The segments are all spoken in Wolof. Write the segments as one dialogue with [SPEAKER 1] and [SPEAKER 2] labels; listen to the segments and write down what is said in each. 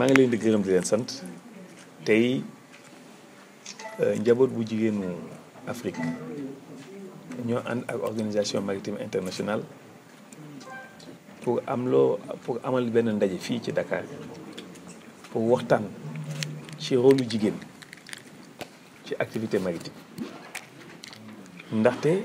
[SPEAKER 1] maa ngi leen di gërëm di leen sant tey euh, njaboot bu jigéenu Afrique ñoo ànd ak organisation maritime international pour am loo pour amal benn ndaje fii ci dakaar pour waxtaan ci rôlu jigéen ci activité maritime ndaxte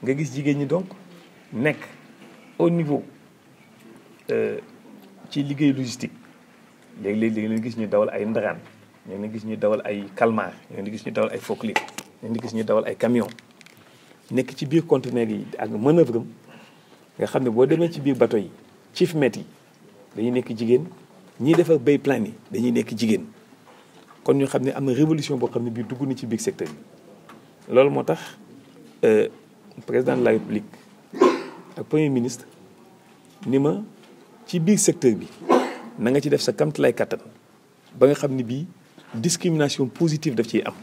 [SPEAKER 1] nga gis jigéen ñi donc nekk au niveau euh, ci liggéey logistique léegi-léegi léegi leen gis ñu dawal ay ndaraan ñu ngi gis ñu dawal ay calmar ñu ngi gis ñu dawal ay forklift ñu ngi gis ñu dawal ay camion nekk ci biir conteneur yi ak manœuvre am nga xam ne boo demee ci biir bateau yi chief mate yi dañuy nekk jigéen ñiy defar bay plan yi dañuy nekk jigéen kon ñu xam ne am na révolution boo xam ne bii dugg na ci biir secteur bi loolu moo tax euh, président la république ak premier ministre ni ma ci biir secteur bi na nga ci def sa kamtalaay kattan ba nga xam ni bii discrimination positive daf ciy am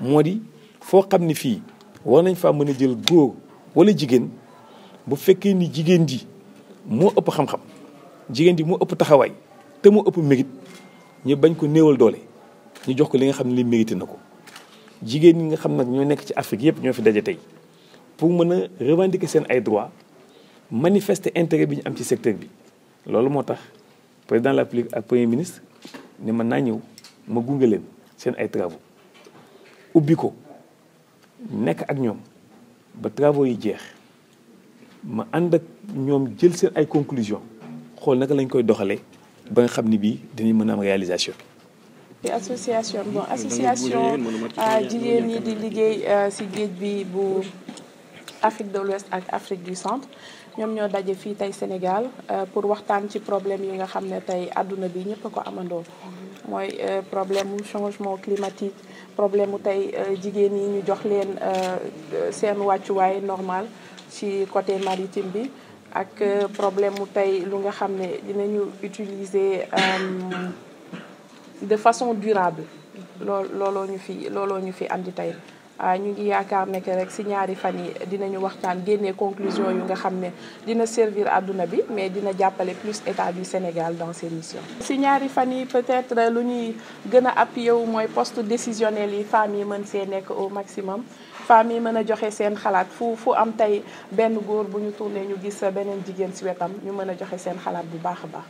[SPEAKER 1] moo di foo xam ni fii war nañ faa mën a jël góor wala jigéen bu fekkee ni jigéen ji moo ëpp xam-xam jigéen ji moo ëpp taxawaay te moo ëpp mérite ñu bañ ko néewal doole ñu jox ko li nga xam ne li mérité na ko jigéen ñi nga xam nag ñoo nekk ci Afrique yëpp ñoo fi dajee tey pour mën a revendiquer seen ay droits manifester intérêt bi ñu am ci secteur bi. loolu moo tax président de la République ak premier ministre ne mën naa ñëw ma gunge leen seen ay travaux ubbi ko nekk ak ñoom ba travaux yi jeex ma ànd ak ñoom jël seen ay conclusions xool naka lañ koy doxalee ba nga xam ni bii dinañ mën a am réalisation
[SPEAKER 2] bi. te association bon di liggéey ci géej bi bu. Afrique de l'Ouest ak Afrique du Centre ñoom ñoo daje fii tey Sénégal euh, pour waxtaan ci problème yi nga xam ne tey àdduna bi ñëpp a ko amandoo mooy euh, problème mu changement climatique problème mu tey euh, jigéen yi ñu jox leen seen wàccuwaay normal ci côté maritime bi ak problème mu tey lu nga xam ne dinañu utiliser de façon durable lool looloo ñu fi looloo ñu fi àndi tey Ah, ñu ngi yaakaar ne que rek si ñaari fan yi dinañu waxtaan génnee conclusion yu nga xam ne dina servir àdduna bi mais dina jàppale plus état du Sénégal dans ses si ñaari fan yi peut-être lu ñuy gën a appuyé wu mooy poste décisionnel yi femmes yi mën see nekk au maximum. femmes yi mën a joxe seen xalaat fu fu am tey benn góor bu ñu tourné ñu gis beneen jigéen si wetam ñu mën a joxe seen xalaat bu baax a baax.